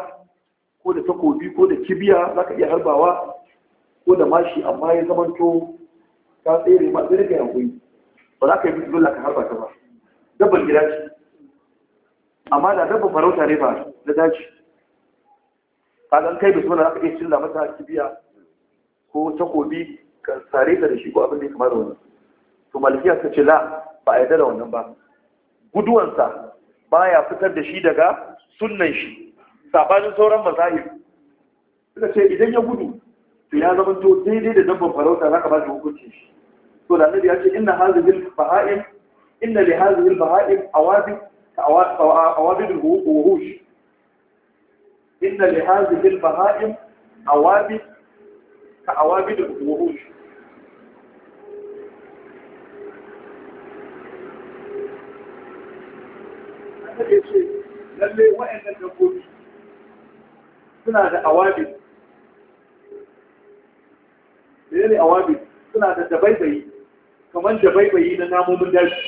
ko da takobi ko da kibiya za ka iya harbawa ko da mashi amma ya zamanto ka tsere ma tsere ka yankuri ba za ka yi bisu dole ka harba ta ba dabban gida ce amma da dabban farauta ne ba na daji kaga kai bismillah zaka iya cilla mata kibiya ko takobi ka sare ta da shi ko abin da ya kama wannan to malikiya ta ce la ba a yarda da wannan ba guduwansa baya fitar da shi daga sunnan shi sabanin sauran mazahib suka ce idan ya gudu to ya zama to daidai da dabban farauta zaka ba shi hukunci shi to da annabi ya ce inna al baha'im inna li al baha'im awabi awabi al-wuhush inna lihazi hadhihi al-baha'im awabid ka awabid al-wuhush sai ce lalle wa'annan dabbobi suna da awabid kamar dabaibayi na namomin daji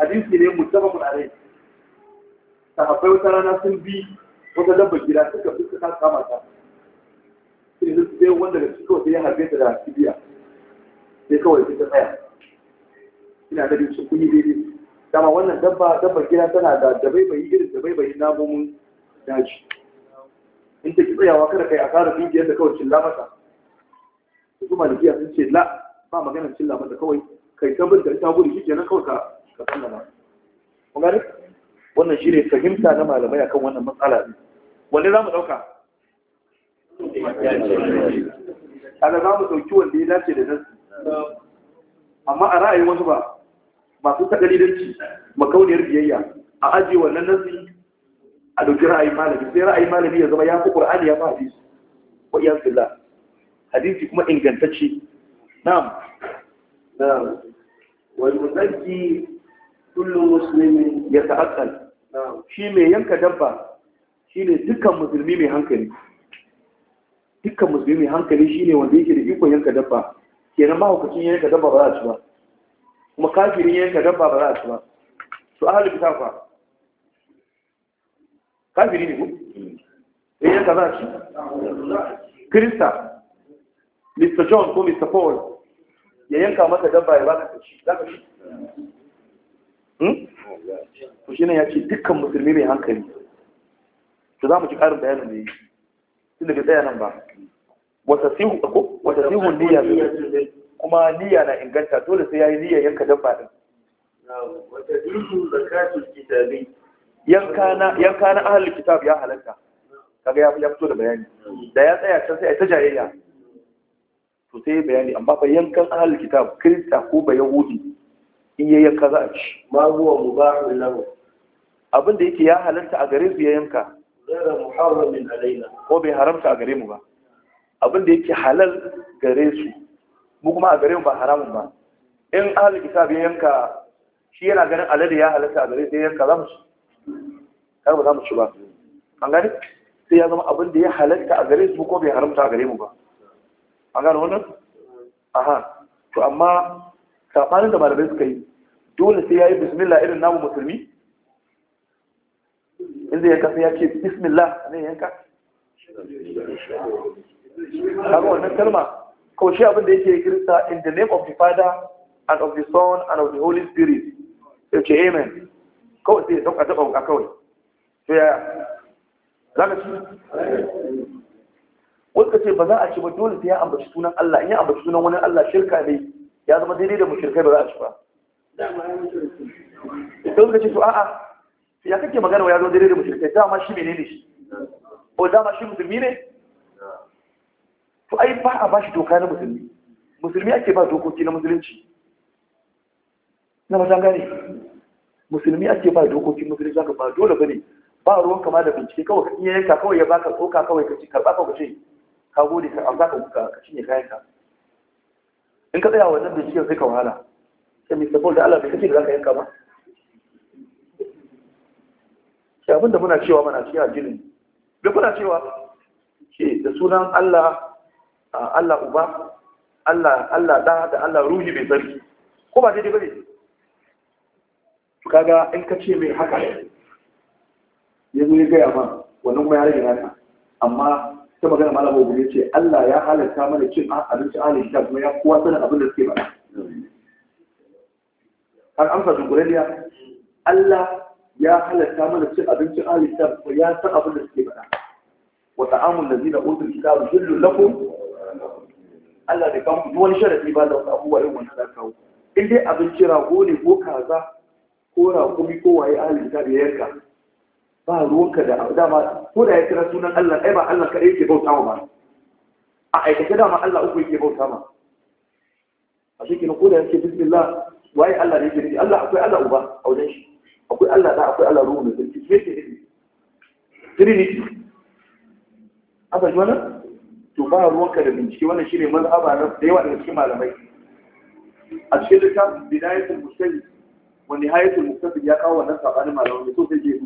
hadisi ne musamman a rai sahabbai wata rana sun bi wata dabba gida suka fi suka kama ta sai su sai wanda da shi kawai ya harbe ta da kibiya sai kawai su ta tsaya ina da bincin kuni yi daidai dama wannan dabba gida tana da dabaibayi irin dabaibayi namomin daji in ta ki tsayawa kada kai a ƙara dukiyar da kawai cilla mata su kiyar sun ce la ba maganar cilla mata kawai kai ta bin da ita gudu shi kenan kawai ka ka tsallama wannan shi ne fahimta na malamai akan wannan matsala ne wanda za mu ɗauka kada za mu ɗauki wanda ya dace da nasu amma a ra'ayin wasu ba masu takalidanci makauniyar biyayya a ajiye wannan nasu a ɗauki ra'ayin malami sai ra'ayin malami ya zama ya fi ƙur'ani ya fi hadisi wa iya hadisi kuma ingantacce na'am na'am wal mutaki kullum musulmi ya ta'akal shi mai yanka dabba shine dukkan musulmi mai hankali dukkan musulmi mai hankali shine wanda yake da ikon yanka dabba nan mahaukacin yanka dabba ba za a ci ba kuma kafirin yanka dabba ba za a ci ba to ahalin bisa fa kafiri ne ku in mm. eh, yanka za a ci krista mr john ko mr paul ya yanka masa dabba ya ba ka ci za ka ci mm. Hmm? to shi ne ya ce dukkan musulmi mai hankali to za mu ci ƙarin bayanin da yi su da bai tsaya nan ba wata sihun niyya kuma niyya na inganta dole sai ya yi niyya yanka dabba ɗin. yanka na ahalin kitab ya halatta kaga ya fito da bayani da ya tsaya can sai a ta jayayya to sai bayani amma bayan kan ahalin kitab kirista ko bayan hudu in ya yanka za a ci ma huwa mubahun lahu abin da yake ya halarta a gare su ya yanka ghayra muharramin alaina ko bai haramta a gare mu ba abin da yake halal gare su mu kuma a gare mu ba haramun ba in ahli kitab ya yanka shi yana ganin alade ya halarta a gare su ya yanka za mu ci kar ba za mu ci ba an gani sai ya zama abin da ya halarta a gare su ko bai haramta a gare mu ba an gani wannan aha to amma safanin da malamai suka yi dole sai ya yi bismillah irin namu musulmi inda ya kasa ya ce bismillah ne yanka kaga wannan kalma kawai shi abin da yake kirista in the name of the father and of the son and of the holy spirit ya ce amen kawai sai ya dauka ta bauka kawai to yaya za ka ci wasu ce ba za a ci ba dole sai ya ambaci sunan Allah in ya ambaci sunan wani Allah shirka ne ya zama daidai da mushrikai ba za a ci ba sai suka ce to a'a ya kake magana wa yazo dare da mushrikai dama shi menene shi ko dama shi musulmi ne to ai ba a bashi doka na musulmi musulmi ake ba dokoki na musulunci na matan gane musulmi ake ba dokokin musulunci haka ba dole bane ba ruwan kama da bincike kawai ka iya yanka kawai ya baka tsoka kawai ka ci karba kawai ka ce ka gode ka amsa ka ka cinye kayan ka in ka tsaya wannan binciken sai ka wahala sai mai da Allah bai kace da zaka yanka ba shi abinda muna cewa mana cewa da sunan Allah Allah uba Allah Allah da da Allah ruhi bai zarki ko ba daidai bane kaga in ka ce mai haka ya zo ya gaya ma wannan kuma ya rage naka amma ta magana malamu ogun ce Allah ya halatta mana cin abinci ahalin kitab kuma ya kowa sanin abin da suke ba an amsa da dunguraliya Allah ya halatta mana cin abincin alisa ko ya san abin da suke faɗa wa ta'amul ladina utul kitabu hillu lakum Allah da kanku duk wani sharadi ba da wasu abubuwa irin wannan za kawo in dai abinci rago ne ko kaza ko rago rakumi ko waye ahalin ta da yanka ba ruwanka da dama ko da ya kira sunan Allah ai ba Allah kaɗai yake bauta ma a aikace dama Allah uku yake bauta ma a shi kenan ko da yake bismillah waye Allah ne yake nufi Allah akwai Allah uba a wajen shi akwai Allah da akwai Allah ruhu ne sarki shi yake nufi trinity aka ji wannan to ba ruwanka da bincike wannan shine mazhaba na da yawa daga cikin malamai a cikin littafin bidayatul mustahid wa nihayatul mustafid ya kawo wannan sabanin malamai ne so sai je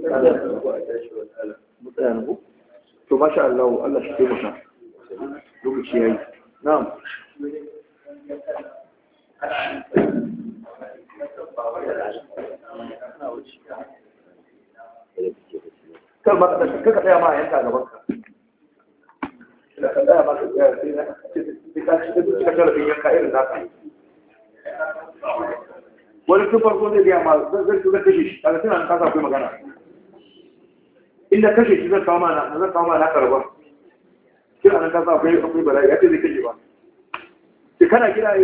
duba eh eh to masha Allah Allah shi taimaka lokaci yayi na'am kan ba ma yanka gaban ka na wani tun farko zai ma zai kashe shi daga magana inda kashe shi zan kawo mana zan kawo mana karba shi a nan kasa akwai akwai bala'i ya ce zai kashe ba shi kana gida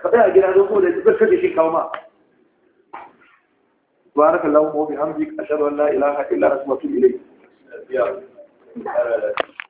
ka tsaya gida zo kuma da zan kashe shi kawo ma بارك الله وبحمدك أشهد أن لا إله إلا أنت وأتوب إليك